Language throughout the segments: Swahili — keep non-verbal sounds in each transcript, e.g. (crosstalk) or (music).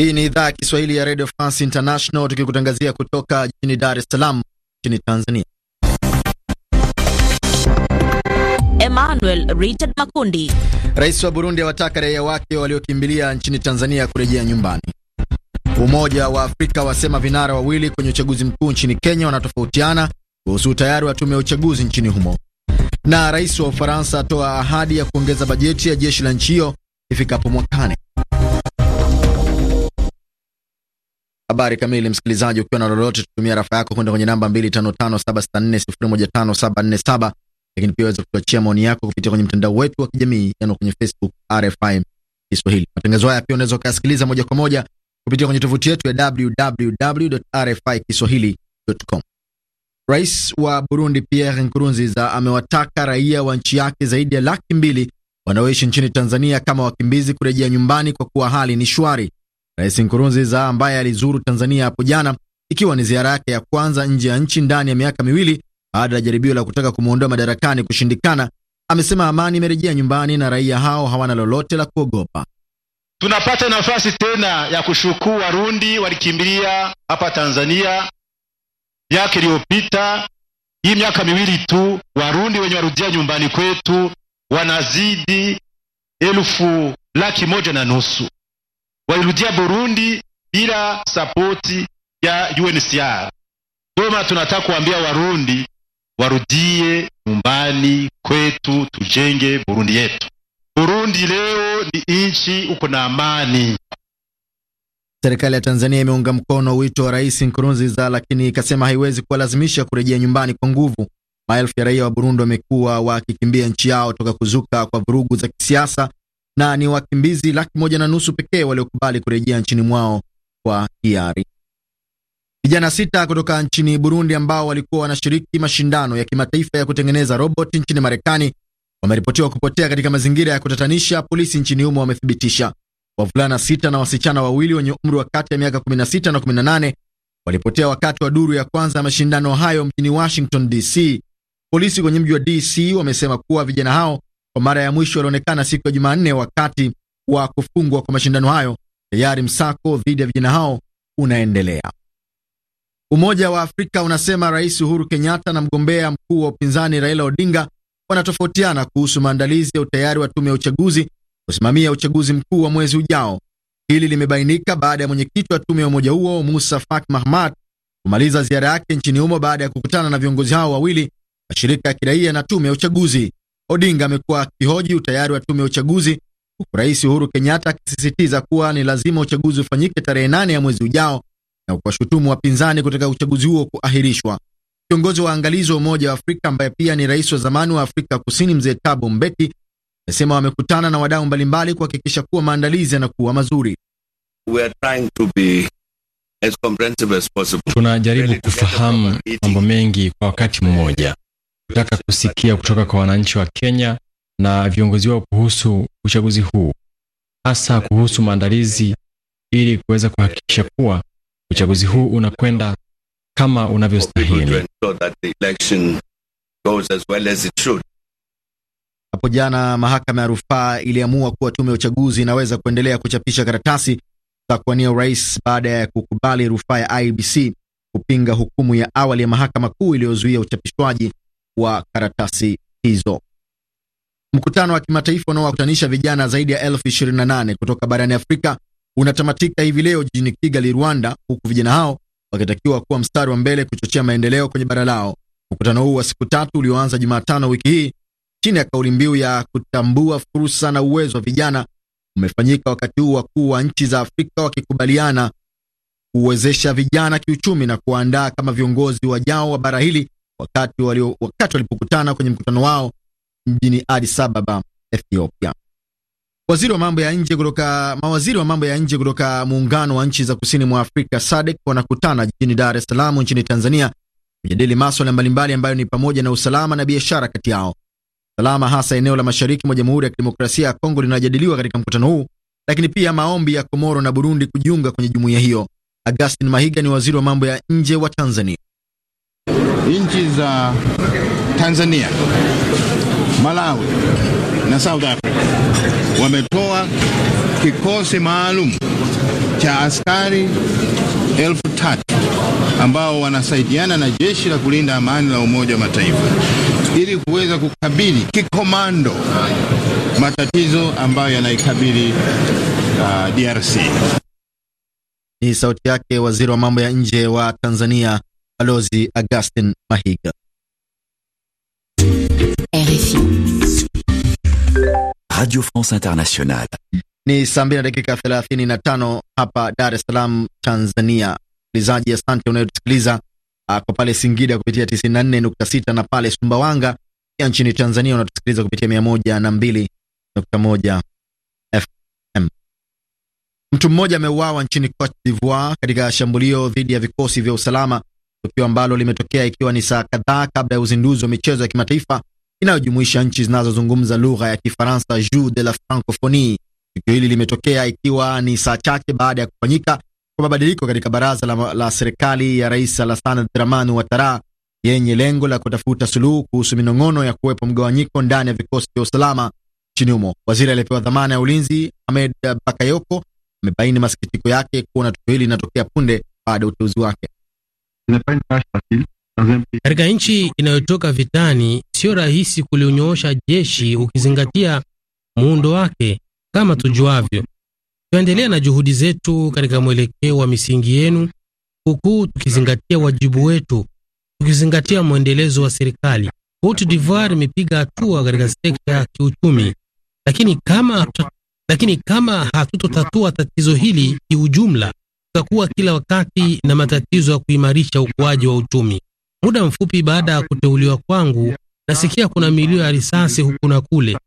Hii ni idhaa ya Kiswahili ya Radio France International tukikutangazia kutoka jijini Dar es Salaam nchini Tanzania. Emmanuel Richard Makundi. Rais wa Burundi awataka raia wake waliokimbilia nchini Tanzania kurejea nyumbani. Umoja wa Afrika wasema vinara wawili kwenye uchaguzi mkuu nchini Kenya wanatofautiana kuhusu utayari wa tume ya uchaguzi nchini humo. Na rais wa Ufaransa atoa ahadi ya kuongeza bajeti ya jeshi la nchi hiyo ifikapo mwakani. Habari kamili, msikilizaji, ukiwa na lolote, tutumia rafa yako kwenda kwenye namba 255764015747, lakini pia waweza kutuachia maoni yako kupitia kwenye mtandao wetu wa kijamii yani kwenye Facebook RFI Kiswahili. Matangazo haya pia unaweza ukayasikiliza moja kwa moja kupitia kwenye tovuti yetu ya www.rfikiswahili.com. Rais wa Burundi Pierre Nkurunziza amewataka raia wa nchi yake zaidi ya laki mbili wanaoishi nchini Tanzania kama wakimbizi kurejea nyumbani kwa kuwa hali ni shwari. Rais Nkurunziza ambaye alizuru Tanzania hapo jana, ikiwa ni ziara yake ya kwanza nje ya nchi ndani ya miaka miwili baada ya jaribio la kutaka kumwondoa madarakani kushindikana, amesema amani imerejea nyumbani na raia hao hawana lolote la kuogopa. Tunapata nafasi tena ya kushukuru Warundi walikimbilia hapa Tanzania miaka iliyopita. Hii miaka miwili tu Warundi wenye warudia nyumbani kwetu wanazidi elfu laki moja na nusu walirudia Burundi bila sapoti ya UNHCR. Doma, tunataka kuambia Warundi warudie nyumbani kwetu, tujenge Burundi yetu. Burundi leo ni nchi uko na amani. Serikali ya Tanzania imeunga mkono wito wa Rais Nkurunziza, lakini ikasema haiwezi kuwalazimisha kurejea nyumbani kwa nguvu. Maelfu ya raia wa Burundi wamekuwa wakikimbia nchi yao toka kuzuka kwa vurugu za kisiasa na ni wakimbizi laki moja na nusu pekee waliokubali kurejea nchini mwao kwa hiari. Vijana sita kutoka nchini Burundi ambao walikuwa wanashiriki mashindano ya kimataifa ya kutengeneza roboti nchini Marekani wameripotiwa kupotea katika mazingira ya kutatanisha, polisi nchini humo wamethibitisha. Wavulana sita na wasichana wawili wenye umri wa kati ya miaka 16 na 18 walipotea wakati wa duru ya kwanza ya mashindano hayo mjini Washington DC. Polisi kwenye mji wa DC wamesema kuwa vijana hao kwa mara ya mwisho yalionekana siku ya Jumanne wakati wa kufungwa kwa mashindano hayo. Tayari msako dhidi ya vijana hao unaendelea. Umoja wa Afrika unasema Rais Uhuru Kenyatta na mgombea mkuu wa upinzani Raila Odinga wanatofautiana kuhusu maandalizi ya utayari wa tume ya uchaguzi kusimamia uchaguzi mkuu wa mwezi ujao. Hili limebainika baada ya mwenyekiti wa tume ya umoja huo Musa Faki Mahamat kumaliza ziara yake nchini humo baada ya kukutana na viongozi hao wawili, mashirika ya kiraia na tume ya uchaguzi. Odinga amekuwa akihoji utayari wa tume ya uchaguzi huku Rais Uhuru Kenyatta akisisitiza kuwa ni lazima uchaguzi ufanyike tarehe nane ya mwezi ujao na kuwashutumu wapinzani kutaka uchaguzi huo kuahirishwa. Kiongozi wa waangalizi wa Umoja wa Afrika ambaye pia ni rais wa zamani wa Afrika Kusini Mzee Thabo Mbeki amesema wamekutana na wadau mbalimbali kuhakikisha kuwa maandalizi yanakuwa mazuri. We are trying to be as comprehensive as possible. Tunajaribu kufahamu mambo mengi kwa wakati mmoja taka kusikia kutoka kwa wananchi wa Kenya na viongozi wao kuhusu uchaguzi huu, hasa kuhusu maandalizi ili kuweza kuhakikisha kuwa uchaguzi huu unakwenda kama unavyostahili. Hapo jana mahakama ya rufaa iliamua kuwa tume ya uchaguzi inaweza kuendelea kuchapisha karatasi za kuwania urais baada ya kukubali rufaa ya IBC kupinga hukumu ya awali ya mahakama kuu iliyozuia uchapishwaji wa karatasi hizo. Mkutano wa kimataifa unaowakutanisha vijana zaidi ya elfu ishirini na nane kutoka barani Afrika unatamatika hivi leo jijini Kigali, Rwanda, huku vijana hao wakitakiwa kuwa mstari wa mbele kuchochea maendeleo kwenye bara lao. Mkutano huu wa siku tatu ulioanza Jumatano wiki hii chini ya kauli mbiu ya kutambua fursa na uwezo wa vijana umefanyika wakati huu wakuu wa nchi za Afrika wakikubaliana kuwezesha vijana kiuchumi na kuandaa kama viongozi wajao wa bara hili wakati walio, wakati walipokutana kwenye mkutano wao mjini Addis Ababa, Ethiopia. Waziri wa mambo ya nje kutoka mawaziri wa mambo ya nje kutoka muungano wa nchi za kusini mwa Afrika SADC wanakutana jijini Dar es Salaam nchini Tanzania kujadili masuala mbalimbali ambayo ni pamoja na usalama na biashara kati yao. Usalama hasa eneo la mashariki mwa Jamhuri ya Kidemokrasia ya Kongo linajadiliwa katika mkutano huu, lakini pia maombi ya Komoro na Burundi kujiunga kwenye jumuiya hiyo. Augustin Mahiga ni waziri wa mambo ya nje wa Tanzania nchi za Tanzania, Malawi na South Africa wametoa kikosi maalum cha askari elfu tatu ambao wanasaidiana na jeshi la kulinda amani la Umoja wa Mataifa ili kuweza kukabili kikomando matatizo ambayo yanaikabili uh, DRC. Ni sauti yake waziri wa mambo ya nje wa Tanzania Balozi Augustin Mahiga. RFI. Radio France Internationale. Ni saa mbili na dakika 35 hapa Dar es Salaam, Tanzania. Msikilizaji, asante unayotusikiliza ah, kwa pale Singida kupitia 94.6 na pale Sumbawanga ya nchini Tanzania unatusikiliza kupitia 102.1 FM. Mtu mmoja ameuawa nchini Cote d'Ivoire katika shambulio dhidi ya vikosi vya usalama tukio ambalo limetokea ikiwa ni saa kadhaa kabla ya uzinduzi wa michezo ya kimataifa inayojumuisha nchi zinazozungumza lugha ya Kifaransa, Jeux de la Francophonie. Tukio hili limetokea ikiwa ni saa chache baada ya kufanyika kwa mabadiliko katika baraza la, la serikali ya Rais Alassane Dramani Ouattara yenye lengo la kutafuta suluhu kuhusu minong'ono ya kuwepo mgawanyiko ndani ya vikosi vya usalama nchini humo. Waziri aliyepewa dhamana ya ulinzi Ahmed Bakayoko amebaini masikitiko yake kuona tukio hili linatokea punde baada ya uteuzi wake. Katika nchi inayotoka vitani, sio rahisi kulinyoosha jeshi ukizingatia muundo wake. Kama tujuavyo, tuendelea na juhudi zetu katika mwelekeo wa misingi yenu, huku tukizingatia wajibu wetu, tukizingatia mwendelezo wa serikali. Cote d'Ivoire imepiga hatua katika sekta ya kiuchumi, lakini kama, lakini kama hatutotatua tatizo hili kiujumla kutakuwa kila wakati na matatizo ya kuimarisha ukuaji wa uchumi. Muda mfupi baada ya kuteuliwa kwangu, nasikia kuna milio ya risasi huku na kule.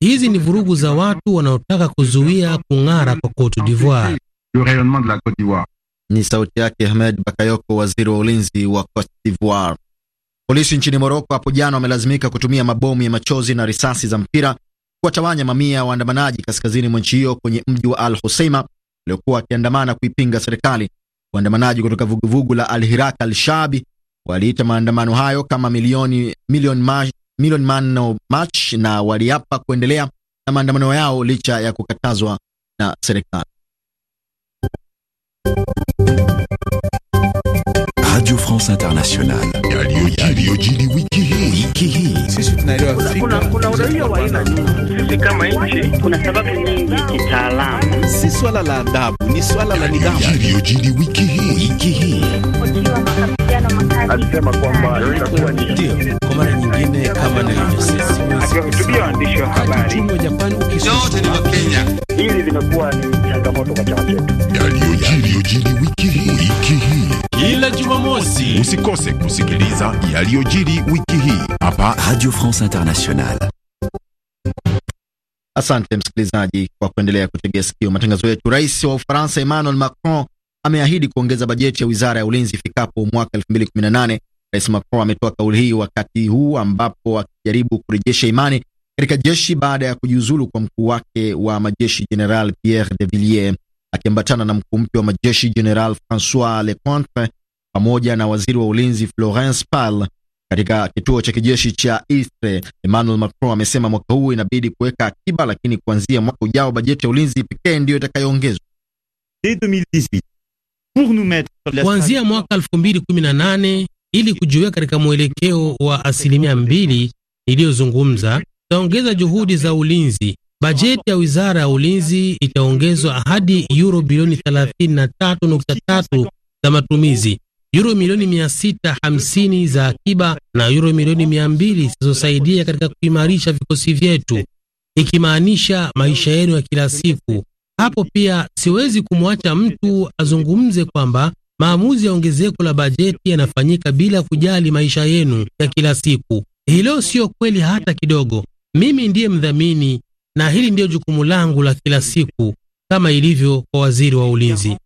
Hizi ni vurugu za watu wanaotaka kuzuia kung'ara kwa Cote d'Ivoire. Ni sauti yake Ahmed Bakayoko, waziri wa ulinzi wa Cote d'Ivoire. Polisi nchini Moroko hapo jana wamelazimika kutumia mabomu ya machozi na risasi za mpira kuwatawanya mamia ya waandamanaji kaskazini mwa nchi hiyo kwenye mji wa Al Hoseima waliokuwa wakiandamana kuipinga serikali. Waandamanaji kutoka vuguvugu la Al-Hirak Al-Shabi waliita maandamano hayo kama milioni milioni march, milioni mano march na waliapa kuendelea na maandamano yao licha ya kukatazwa na serikali. Radio France Internationale yaliyojiri wiki hii. Sisi tunaelewa kuna uraia wa aina nyingi. Sisi kama nchi kuna sababu nyingi kitaalamu, si swala la adabu, ni swala la nidhamu. Yaliyojiri wiki hii alisema kwamba itakuwa ni ndio kwa mara nyingine, kama nilivyosema, akiwahutubia waandishi wa habari wa Japani, ukishote ni Wakenya. Hili limekuwa ni changamoto kwa chama chetu. Yaliyojiri wiki hii kila Jumamosi, usikose kusikiliza yaliyojiri wiki hii hapa Radio France Internationale. Asante msikilizaji kwa kuendelea kutegea sikio matangazo yetu. Rais wa Ufaransa Emmanuel Macron ameahidi kuongeza bajeti ya wizara ya ulinzi ifikapo mwaka 2018. Rais Macron ametoa kauli hii wakati huu ambapo akijaribu kurejesha imani katika jeshi baada ya kujiuzulu kwa mkuu wake wa majeshi General Pierre de Villiers, akiambatana na mkuu mpya wa majeshi General Francois Lecointre pamoja na waziri wa ulinzi Florence Pal katika kituo cha kijeshi cha Istre. Emmanuel Macron amesema mwaka huu inabidi kuweka akiba, lakini kuanzia mwaka ujao bajeti ya ulinzi pekee ndiyo itakayoongezwa kuanzia mwaka 2018 ili kujiweka katika mwelekeo wa asilimia mbili iliyozungumza tutaongeza juhudi za ulinzi. Bajeti ya wizara ya ulinzi itaongezwa hadi euro bilioni 33.3 za matumizi, euro milioni 650 za akiba na euro milioni 200 zinazosaidia katika kuimarisha vikosi vyetu, ikimaanisha maisha yenu ya kila siku hapo pia siwezi kumwacha mtu azungumze kwamba maamuzi ya ongezeko la bajeti yanafanyika bila kujali maisha yenu ya kila siku. Hilo sio kweli hata kidogo. Mimi ndiye mdhamini na hili ndiyo jukumu langu la kila siku kama ilivyo kwa waziri wa ulinzi.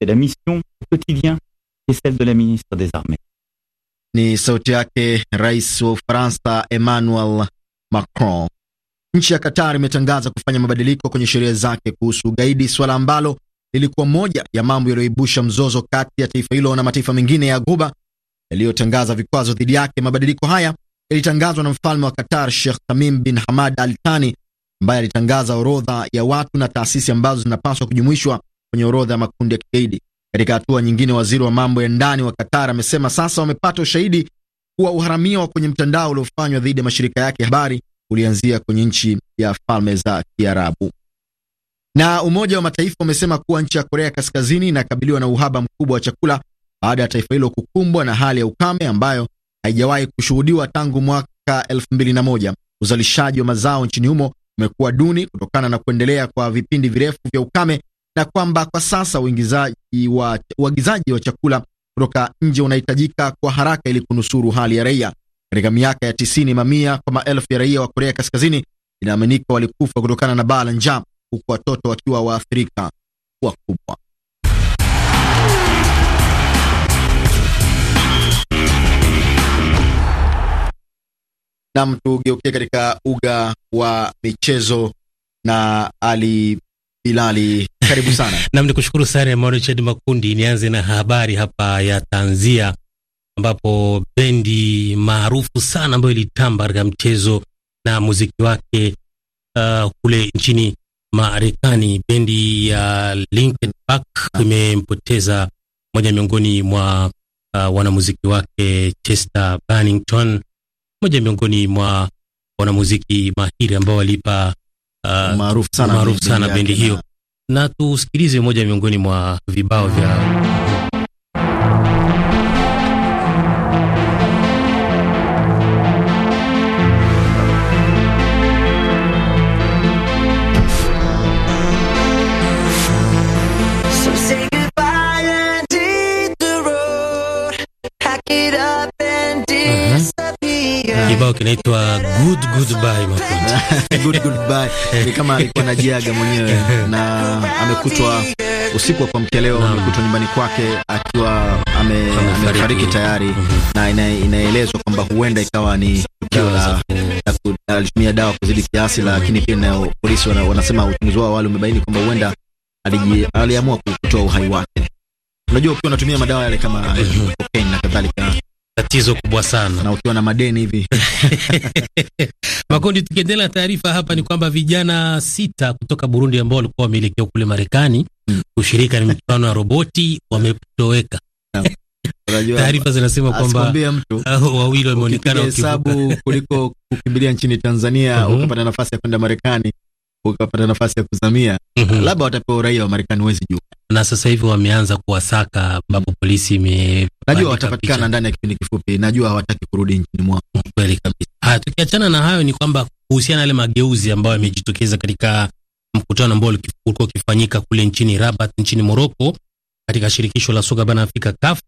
de la ministre des Ni sauti yake Rais wa Ufaransa Emmanuel Macron. Nchi ya Qatar imetangaza kufanya mabadiliko kwenye sheria zake kuhusu ugaidi, suala ambalo lilikuwa moja ya mambo yaliyoibusha mzozo kati ya taifa hilo na mataifa mengine ya Ghuba yaliyotangaza vikwazo dhidi yake. Mabadiliko haya yalitangazwa na mfalme wa Qatar Sheikh Tamim bin Hamad Al Thani, ambaye alitangaza orodha ya watu na taasisi ambazo zinapaswa kujumuishwa kwenye orodha ya makundi ya kigaidi. Katika hatua nyingine, waziri wa mambo ya ndani wa Qatar amesema sasa wamepata ushahidi kuwa uharamia wa kwenye mtandao uliofanywa dhidi ya mashirika yake habari ulianzia kwenye nchi ya Falme za Kiarabu. Na Umoja wa Mataifa umesema kuwa nchi ya Korea Kaskazini inakabiliwa na uhaba mkubwa wa chakula baada ya taifa hilo kukumbwa na hali ya ukame ambayo haijawahi kushuhudiwa tangu mwaka 2001. Uzalishaji wa mazao nchini humo umekuwa duni kutokana na kuendelea kwa vipindi virefu vya ukame na kwamba kwa sasa uingizaji wa uagizaji wa chakula kutoka nje unahitajika kwa haraka ili kunusuru hali ya raia. Katika miaka ya tisini, mamia kwa maelfu ya raia wa Korea Kaskazini inaaminika walikufa kutokana na baa la njaa, huku watoto wakiwa waathirika wakubwa. Nam, tugeukie katika uga wa michezo na Ali Bilali, karibu sana. (laughs) Nam, ni kushukuru sana Mauriched Makundi. Nianze na habari hapa ya tanzia ambapo bendi maarufu sana ambayo ilitamba katika mchezo na muziki wake uh, kule nchini Marekani, bendi ya uh, Linkin Park imempoteza moja miongoni mwa uh, wanamuziki wake Chester Bennington, moja miongoni mwa wanamuziki mahiri ambao walipa uh, maarufu sana, maarufu sana bendi hiyo, na tusikilize moja miongoni mwa vibao vya Mm-hmm. Kibao kinaitwa good goodbye mafundi. (laughs) Good goodbye. Ni kama alikuwa anajiaga mwenyewe na amekutwa usiku wa kuamkia leo amekutwa nyumbani kwake akiwa amefariki ame tayari mm-hmm. Na ina, inaelezwa kwamba huenda ikawa ni tukio la alitumia dawa kuzidi kiasi, lakini pia na polisi wanasema uchunguzi wao awali umebaini kwamba huenda aliamua kutoa uhai wake. Unajua, ukiwa unatumia madawa yale kama mhm. cocaine na kadhalika, tatizo kubwa sana, na ukiwa na madeni hivi (laughs) Makundi. Tukiendelea na taarifa hapa, ni kwamba vijana sita kutoka Burundi ambao walikuwa wameelekea kule Marekani mm. kushirika hmm, ni michuano ya roboti wametoweka. Taarifa zinasema kwamba (laughs) wawili wameonekana hesabu kuliko kukimbilia nchini Tanzania uh mhm. -huh. ukapata nafasi ya kwenda Marekani ukapata nafasi ya kuzamia uh mhm. -huh. labda watapewa uraia wa Marekani, wezi juu na sasa hivi wameanza kuwasaka ambapo polisi ime najua watapatikana ndani ya kipindi kifupi. Najua hawataki kurudi nchini mwao, kweli kabisa. Haya, tukiachana na hayo, ni kwamba kuhusiana na yale mageuzi ambayo yamejitokeza katika mkutano ambao ulikuwa ukifanyika kule nchini Rabat nchini Morocco katika shirikisho la soka barani Afrika CAF,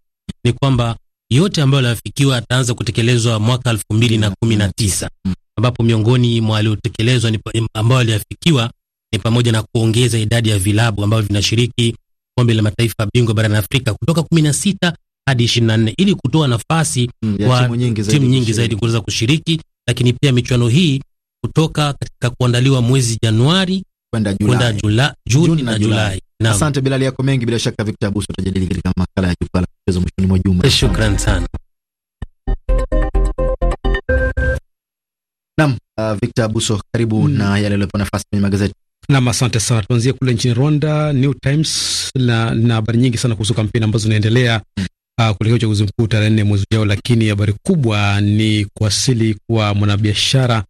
ni kwamba yote ambayo yalifikiwa yataanza kutekelezwa mwaka 2019 ambapo miongoni mwa yaliyotekelezwa ambayo yaliafikiwa ni pamoja na kuongeza idadi ya vilabu ambavyo vinashiriki kombe la mataifa bingwa barani Afrika kutoka 16 hadi 24 ili kutoa nafasi mm, kwa timu nyingi zaidi kuweza kushiriki, lakini pia michuano hii kutoka katika kuandaliwa mwezi Januari kwenda Julai, Jula, Juni na Julai. Asante bila yako mengi bila shaka. Victor Abuso, tutajadili katika makala ya jukwaa la michezo mwishoni mwa juma. Shukrani sana. Naam, uh, Victor Abuso, karibu mm. na yale yaliyopo nafasi kwenye magazeti. Nam, asante sana. Tuanzie kule nchini Rwanda. New Times na habari nyingi sana kuhusu kampeni ambazo zinaendelea uh, kuelekea uchaguzi mkuu tarehe nne mwezi ujao, lakini habari kubwa ni kuwasili kwa mwanabiashara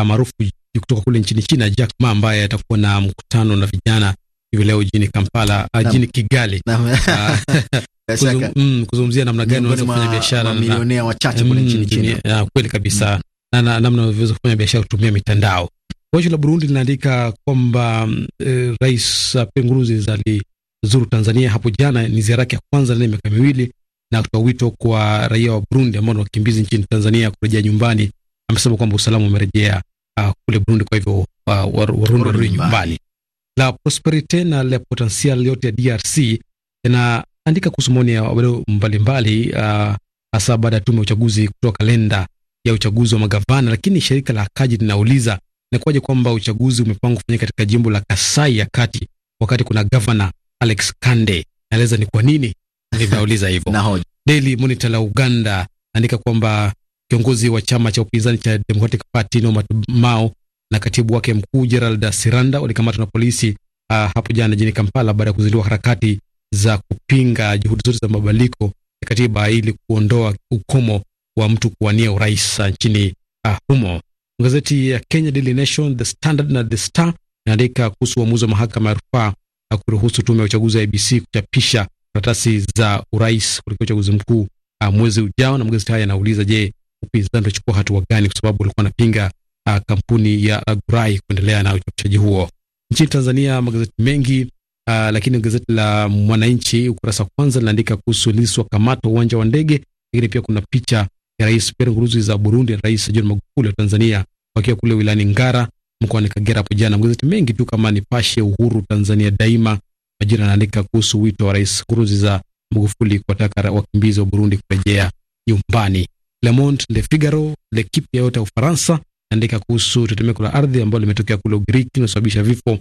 uh, maarufu kutoka kule nchini China, Jack Ma ambaye atakuwa na mkutano na vijana hivi leo jijini Kampala, uh, jijini Kigali uh, (laughs) mm, kuzungumzia namna gani unaweza kufanya biashara na milionea wachache kule mm, nchini China. Uh, kweli kabisa, mm. na namna unavyoweza kufanya biashara kutumia mitandao Jeshi la Burundi linaandika kwamba e, Rais Penguruziza alizuru Tanzania hapo jana. Ni ziara yake ya kwanza ndani ya miaka miwili, na kutoa wito kwa raia wa Burundi ambao ni wakimbizi nchini Tanzania kurejea nyumbani. Amesema kwamba usalama umerejea uh, kule Burundi, kwa hivyo uh, ah, Warundi warudi nyumbani. La Prosperite na Le Potentiel yote ya DRC yanaandika kuhusu maoni ya wadau mbalimbali, ah, hasa uh, baada ya tume ya uchaguzi kutoa kalenda ya uchaguzi wa magavana, lakini shirika la Kaji linauliza Inakuwaje kwamba uchaguzi umepangwa kufanyika katika jimbo la Kasai ya Kati wakati kuna gavana Alex Kande? Naeleza ni kwa nini ninauliza hivyo. (laughs) Daily Monitor la Uganda andika kwamba kiongozi wa chama cha upinzani cha Democratic Party Norbert Mao na katibu wake mkuu Gerald Siranda walikamatwa na polisi uh, hapo jana jijini Kampala baada ya kuzindua harakati za kupinga juhudi zote za mabadiliko ya katiba ili kuondoa ukomo wa mtu kuwania urais nchini uh, humo. Gazeti ya Kenya Daily Nation, The Standard na The Star inaandika kuhusu uamuzi wa mahakama ya rufaa kuruhusu tume ya uchaguzi wa IBC kuchapisha karatasi za urais kuelekea uchaguzi mkuu ah, mwezi ujao. Na magazeti haya yanauliza, je, upinzani utachukua hatua gani? Kwa sababu walikuwa wanapinga ah, kampuni ya Agurai kuendelea na uchapishaji huo nchini Tanzania. Magazeti mengi Uh, lakini gazeti la Mwananchi ukurasa wa kwanza linaandika kuhusu Lissu akamatwa uwanja wa ndege, lakini pia kuna picha ya Rais Pierre Nkurunziza za Burundi na Rais John Magufuli wa Tanzania wakiwa kule wilani Ngara mkoani Kagera hapo jana. Magazeti mengi tu kama Nipashe, Uhuru, Tanzania Daima, Majira anaandika kuhusu wito wa Rais Nkurunziza Magufuli kuwataka wakimbizi wa Burundi kurejea nyumbani. Le Monde, Le Figaro, L'Equipe yote ya Ufaransa naandika kuhusu tetemeko la ardhi ambalo limetokea kule Ugiriki inasababisha vifo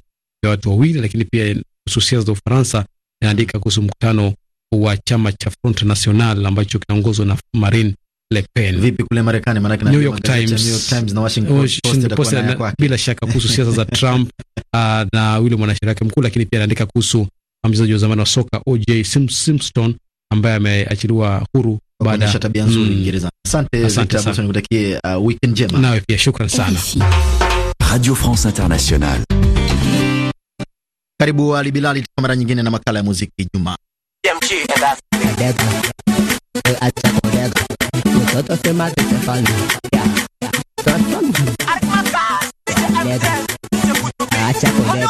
vya watu wawili, lakini pia hususia za Ufaransa inaandika kuhusu mkutano wa chama cha Front National ambacho kinaongozwa na Marine Le Pen. Vipi kule Marekani? New York Times, New York Times na Washington Post, Post na, bila shaka kuhusu (laughs) siasa za Trump uh, na yule mwanasheria wake mkuu, lakini pia anaandika kuhusu mchezaji wa zamani wa soka OJ Simpson ambaye ameachiliwa huru baada ya tabia nzuri Uingereza. Mm. Asante, asante sana, nikutakie uh, weekend njema. Nawe pia shukran sana. Radio France Internationale. Karibu Ali Bilali kwa mara nyingine na makala ya muziki Ijumaa. Todos se ¡Ay, papá! ¡Ay, Acha ¡Ay,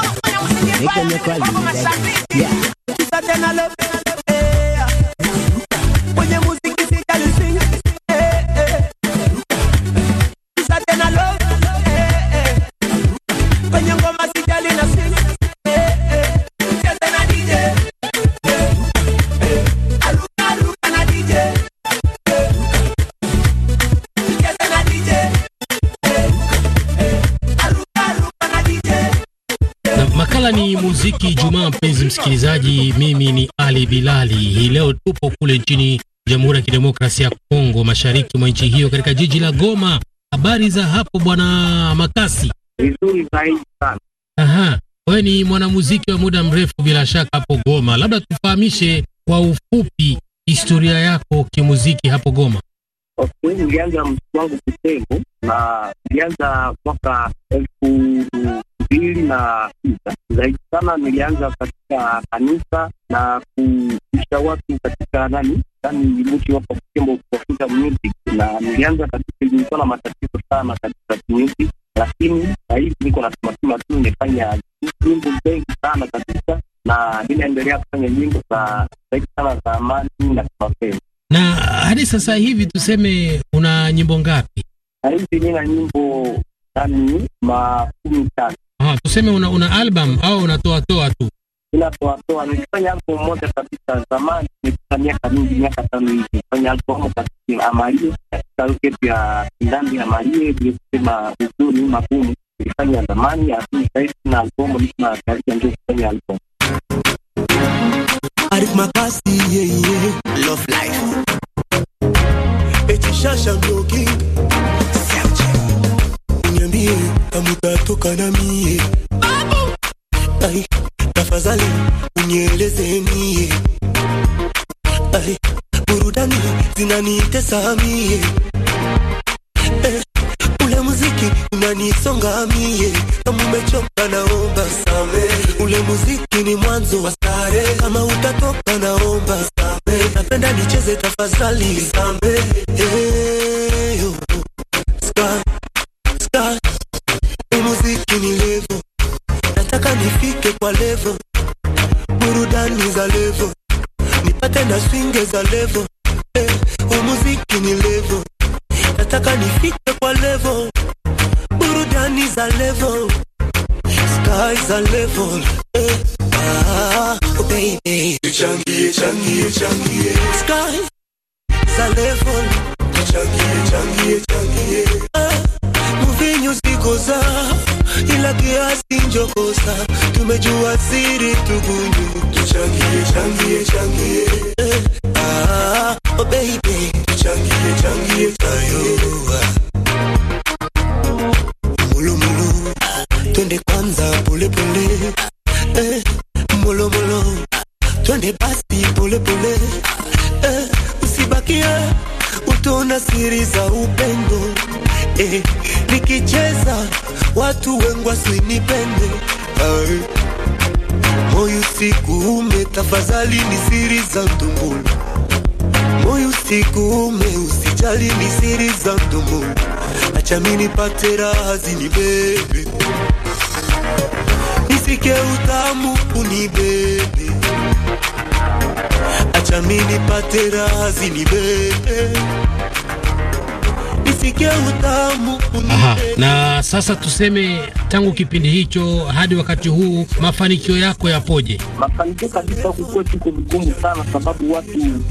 papá! mpenzi msikilizaji, mimi ni Ali Bilali. Hii leo tupo kule nchini Jamhuri ya Kidemokrasia ya Kongo, mashariki mwa nchi hiyo, katika jiji la Goma. Habari za hapo bwana Makasi? Vizuri zaidi sana. Aha, wewe ni mwanamuziki wa muda mrefu bila shaka hapo Goma, labda tufahamishe kwa ufupi historia yako kimuziki hapo Goma. Nilianza muziki wangu Kitengo na nilianza mwaka elfu mbili na sita. Zaidi sana nilianza katika kanisa na kuisha watu katika nani yani mti wapo kuchembo kuwafunza mti, na nilianza katika, nilikuwa na matatizo sana katika mti, lakini sahizi niko nasematima tu, nimefanya nyimbo zengi sana kabisa na ninaendelea kufanya nyimbo za zaidi sana za amani na kimapenzi. Na hadi sasa hivi tuseme, una nyimbo ngapi? Sahizi nina nyimbo yani makumi tatu. Aha, tuseme una, una album au unatoa toa tu? Ninatoatoa, nilifanya albamu moja kabisa zamani, nilipita miaka mingi, miaka tano hivi, nilifanya albamu Amalie katika lugha ya Kindambi. Amalie iliyosema huzuni magumu, nilifanya zamani, lakini sahizi na albamu nima karibia ndio kufanya albamu Arif Makasi, yeah, yeah. Love life Eti shasha ndio king Niambie kama kutoka na mie ai, tafadhali unieleze ai, burudani zinanitesa mie eh, ule muziki unanisonga mie, kama umechoka naomba samehe, ule muziki ni mwanzo wa starehe, kama utatoka naomba samehe, napenda nicheze tafadhali samehe eh. wa levo, burudani za levo, nipate na swinge za levo eh, oh, u ni levo, nataka nifike kwa levo, burudani za levo, sky za levo eh. Ah, oh baby, changie changie changie, sky za levo, changie changie changie makosa, tumejua siri, tugunyu, tuchangie, changie, changie kali ni siri za mdomo, acha mimi nipate raha zinibebe, nisike utamu unibebe, acha mimi nipate raha zinibebe Aha. Na sasa tuseme tangu kipindi hicho hadi wakati huu mafanikio yako yapoje? Mafanikio kabisa huku kwetu iko vigumu sana, sababu watu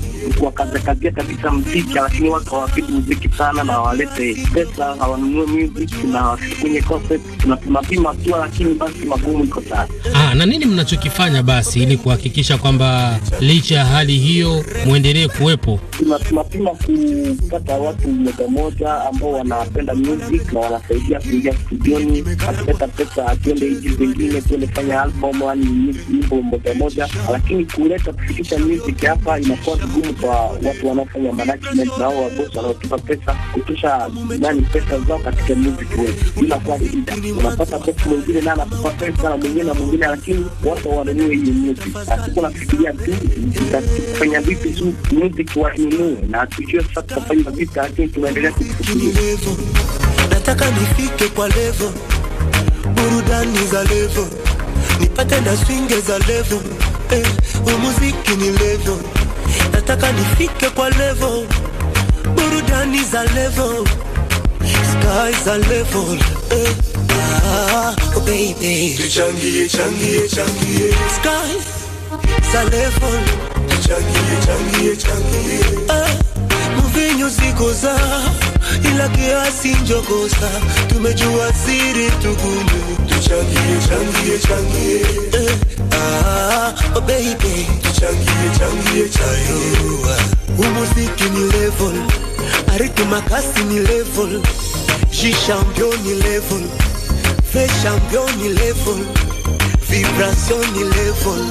wakazakazia kabisa mziki, lakini watu hawapendi mziki sana na hawalete pesa, hawanunue music na kwenye concert tunapimapima tu, lakini basi magumu iko sana. Ah, na nini mnachokifanya basi ili kuhakikisha kwamba licha ya hali hiyo mwendelee kuwepo? Tunapimapima kukata watu moja moja ambao wanapenda music na wanasaidia kuingia studioni, akileta pesa, akiende nchi zingine, tuende fanya album, yani nyimbo moja moja, lakini kuleta kufikisha music hapa inakuwa vigumu kwa watu wanaofanya management na hao wabosi wanaotupa pesa, kutosha, yani pesa zao katika music wetu, inakuwa shida. Unapata pesa mwingine na anakupa pesa na mwingine na mwingine, lakini watu wanunue hiyo music, hatuko nafikiria tu kufanya vipi tu music wanunue, na tujue sasa tutafanya vipi, lakini tunaendelea kufikiria ni levo, nataka nifike kwa levo, burudani za levo, nipate na swinge za levo eh, umuziki ni levo, nataka nifike kwa levo, burudani za levo, sky za levo eh. Ah, oh baby, changie changie changie, sky za levo, changie changie changie eh mvinyo zikoza, ila kiasi njokosa, tumejua siri tugumu, tuchangie changie changie, eh, ah, oh baby, tuchangie changie changie, umuziki ni level, ariki makasi ni level, ji ni level, fe champion ni level, vibration ni level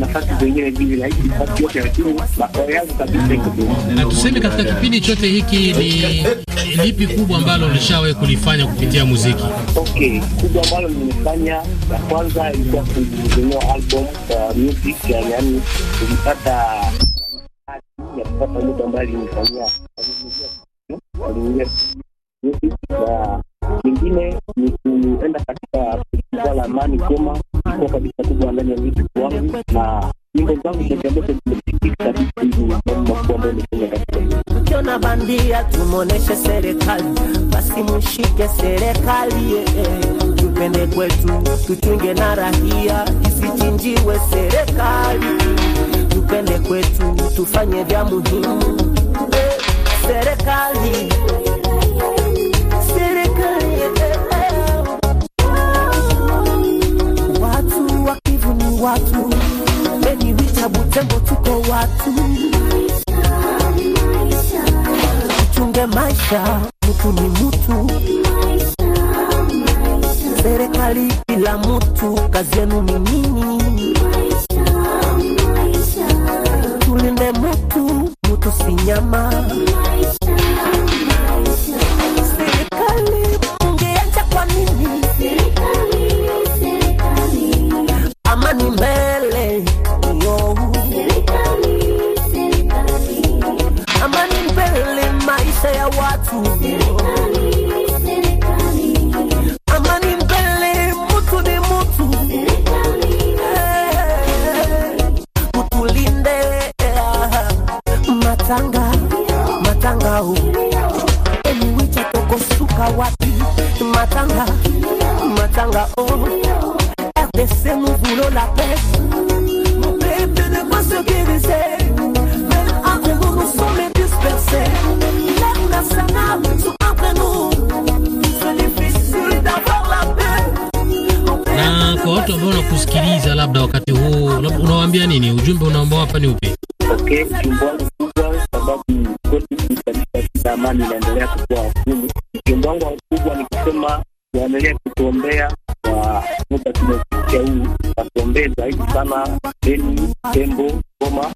nafasi zingine nafasi yote, lakini yangu kabisa iko. Na tuseme katika kipindi chote hiki ni lipi kubwa ambalo ulishawahi kulifanya kupitia muziki? Okay, kubwa ambalo nimefanya la kwanza ilikuwa album uh, music, kulipata ya kupata mtu ambaye alinifanyia na ni kuenda katika amani sababu kuna viongozi wamesikika ukiona bandia tumoneshe serikali basi mushike serikali eh, eh. Tupende kwetu tuchunge na rahia isichinjiwe serikali tupende kwetu tufanye vya muhimu eh, serikali Tuchunge maisha, mutu ni mtu. Serikali bila mtu, kazi yenu ni nini? kwake chumbuangu kubwa, sababu katika amani inaendelea kukuwa kumi. Chumbuangu ni kusema waendelee kutuombea kwa muda tumefikia huu, watuombee zaidi sana Beni, Tembo, Goma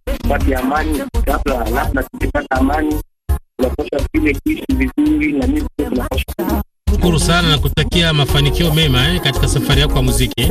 amani, kabla labda tukipata amani tunapasha vile kuishi vizuri na tunapasha Shukuru sana na kutakia mafanikio mema eh, katika safari yako ya muziki.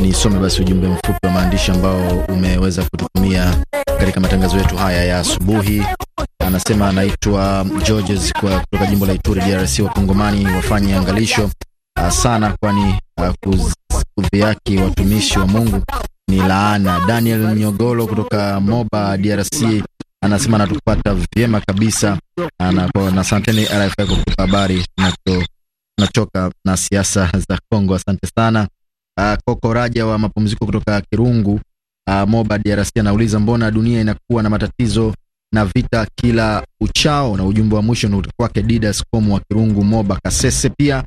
nisome basi ujumbe mfupi wa maandishi ambao umeweza kututumia katika matangazo yetu haya ya asubuhi. Anasema anaitwa Georges kwa kutoka jimbo la Ituri, DRC. Wakongomani wafanye angalisho ah, sana, kwani ah, kudhihaki watumishi wa Mungu ni laana. Daniel Nyogolo kutoka Moba, DRC anasema anatupata vyema kabisa ah, na asanteni RFI kwa kutupa habari. Tunachoka na siasa za Kongo. Asante sana. Uh, Koko Raja wa mapumziko kutoka Kirungu, uh, ah, Moba DRC anauliza mbona dunia inakuwa na matatizo na vita kila uchao. Na ujumbe wa mwisho ni kwake Didas Komu wa Kirungu, Moba Kasese pia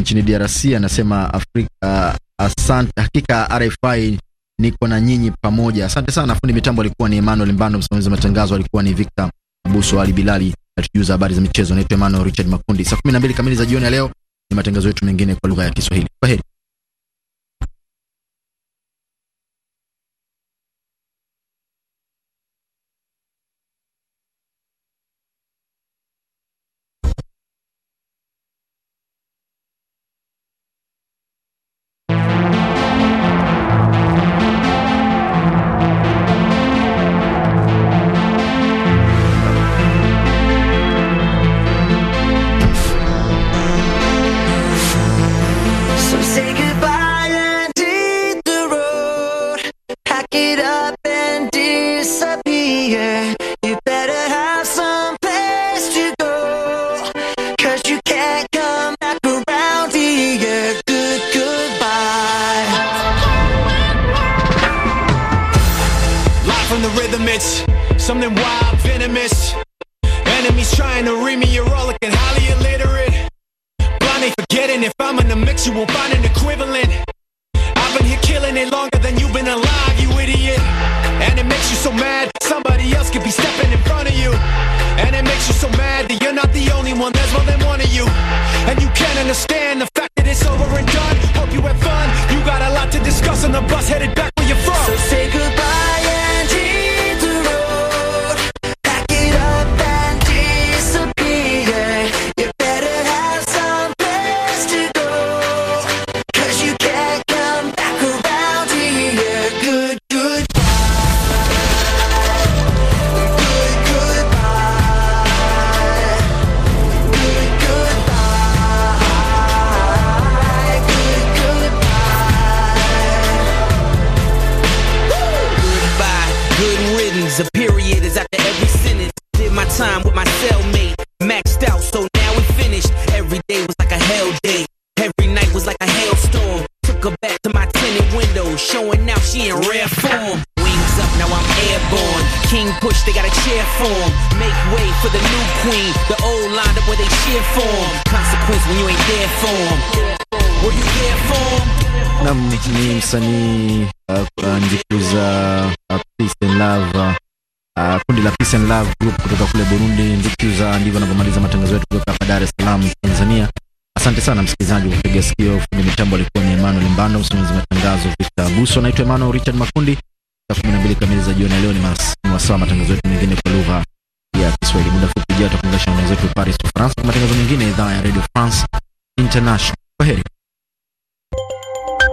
nchini DRC anasema Afrika, uh, asante hakika RFI niko na nyinyi pamoja. Asante sana. Fundi mitambo alikuwa ni Emmanuel Mbando, msimamizi wa matangazo alikuwa ni Victor Abuso, Ali Bilali atujuza habari za michezo. Naitwa Emmanuel Richard Makundi. Saa 12 kamili za jioni ya leo ni matangazo yetu mengine kwa lugha ya Kiswahili. Kwaheri. trying to read me, you're all rollicking, highly illiterate. Blindly forgetting if I'm in the mix, you won't find an equivalent. I've been here killing it longer than you've been alive, you idiot. And it makes you so mad, somebody else could be stepping in front of you. And it makes you so mad that you're not the only one, there's more than one of you. And you can't understand the fact that it's over and done. Hope you had fun, you got a lot to discuss on the bus headed back. days. A period is after every sentence. Did my time with my cellmate. Maxed out, so now we finished. Every day was like a hell day. Every night was like a hailstorm. Took her back to my tinted window, showing out she in rare form. Wings up, now I'm airborne. King push, they got a chair for Make way for the new queen. The old lined up where they cheer for him. Consequence when you ain't there for him. Were you there for him? Nam, ni msanii Peace and Love uh, kundi la Peace and Love Group kutoka kule Burundi. Ndikiuza ndivyo anavyomaliza matangazo yetu kutoka hapa Dar es Salaam Tanzania. Asante sana msikilizaji kwa kupiga sikio. Fundi mitambo alikuwa ni Emmanuel Mbando, msimamizi matangazo Victor Abuso. Naitwa Emmanuel Richard Makundi. Saa 12 kamili za jioni leo ni masaa matangazo yetu mengine kwa lugha ya Kiswahili. Muda fupi ujao tutafunga shughuli zetu Paris, Ufaransa kwa matangazo mengine idhaa ya Radio France International. heri.